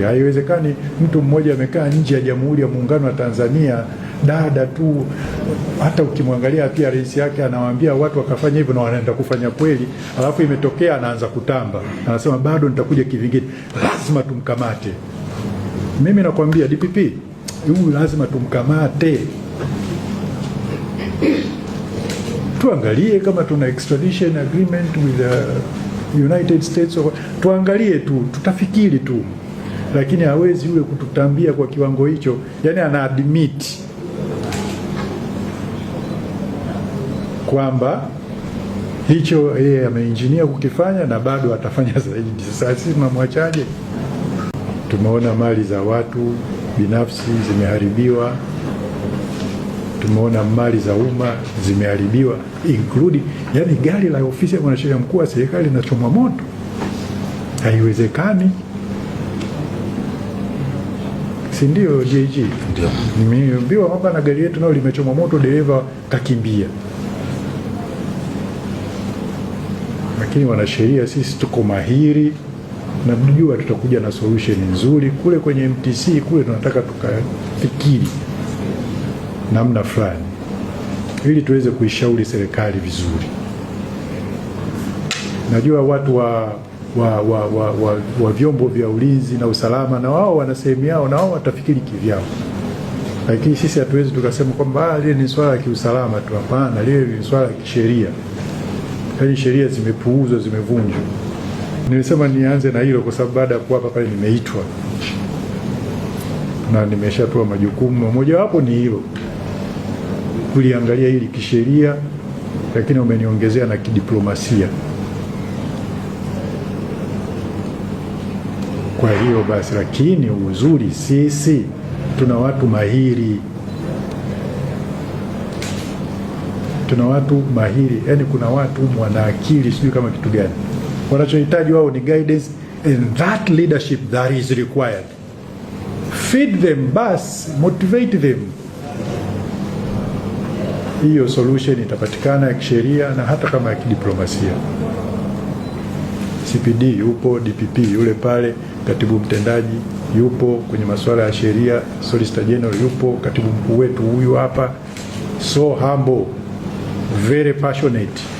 Jamhuri. Haiwezekani mtu mmoja amekaa nje ya Jamhuri ya Muungano wa Tanzania, dada tu. Hata ukimwangalia pia rais yake anawaambia watu wakafanya hivyo na wanaenda kufanya kweli, alafu imetokea anaanza kutamba, anasema bado nitakuja kivingine, lazima tumkamate. Mimi nakwambia DPP huyu lazima tumkamate, tuangalie kama tuna extradition agreement with the United States, tuangalie tu, tutafikiri tu lakini hawezi yule kututambia kwa kiwango hicho, yani ana admit kwamba hicho yeye ameinjinia kukifanya na bado atafanya zaidi. Sasa sisi tunamwachaje? Tumeona mali za watu binafsi zimeharibiwa, tumeona mali za umma zimeharibiwa including, yani gari la ofisi ya mwanasheria mkuu wa serikali linachomwa moto, haiwezekani si ndio DG? Ndio. Nimeambiwa hapa na gari yetu nao limechoma moto, dereva kakimbia, lakini wanasheria sisi tuko mahiri na najua tutakuja na solution nzuri kule kwenye MTC kule, tunataka tukafikiri namna fulani ili tuweze kuishauri serikali vizuri. Najua watu wa wa, wa, wa, wa, wa vyombo vya ulinzi na usalama, na wao wana sehemu yao na wao watafikiri kivyao, lakini sisi hatuwezi tukasema kwamba ah, lile ni swala la kiusalama tu. Hapana, lile ni swala la kisheria, yaani sheria zimepuuzwa, zimevunjwa. Nilisema nianze na hilo kwa sababu baada ya kuwapa pale nimeitwa na nimeshapewa majukumu, mojawapo ni hilo kuliangalia hili kisheria, lakini umeniongezea na kidiplomasia. Kwa hiyo basi, lakini uzuri sisi tuna watu mahiri, tuna watu mahiri, yani kuna watu wana akili, sijui kama kitu gani. Wanachohitaji wao ni guidance and that leadership that is required. Feed them, bas motivate them hiyo solution itapatikana ya kisheria na hata kama ya kidiplomasia. CPD yupo, DPP yule pale katibu mtendaji yupo kwenye masuala ya sheria, solicitor general yupo, katibu mkuu wetu huyu hapa, so humble, very passionate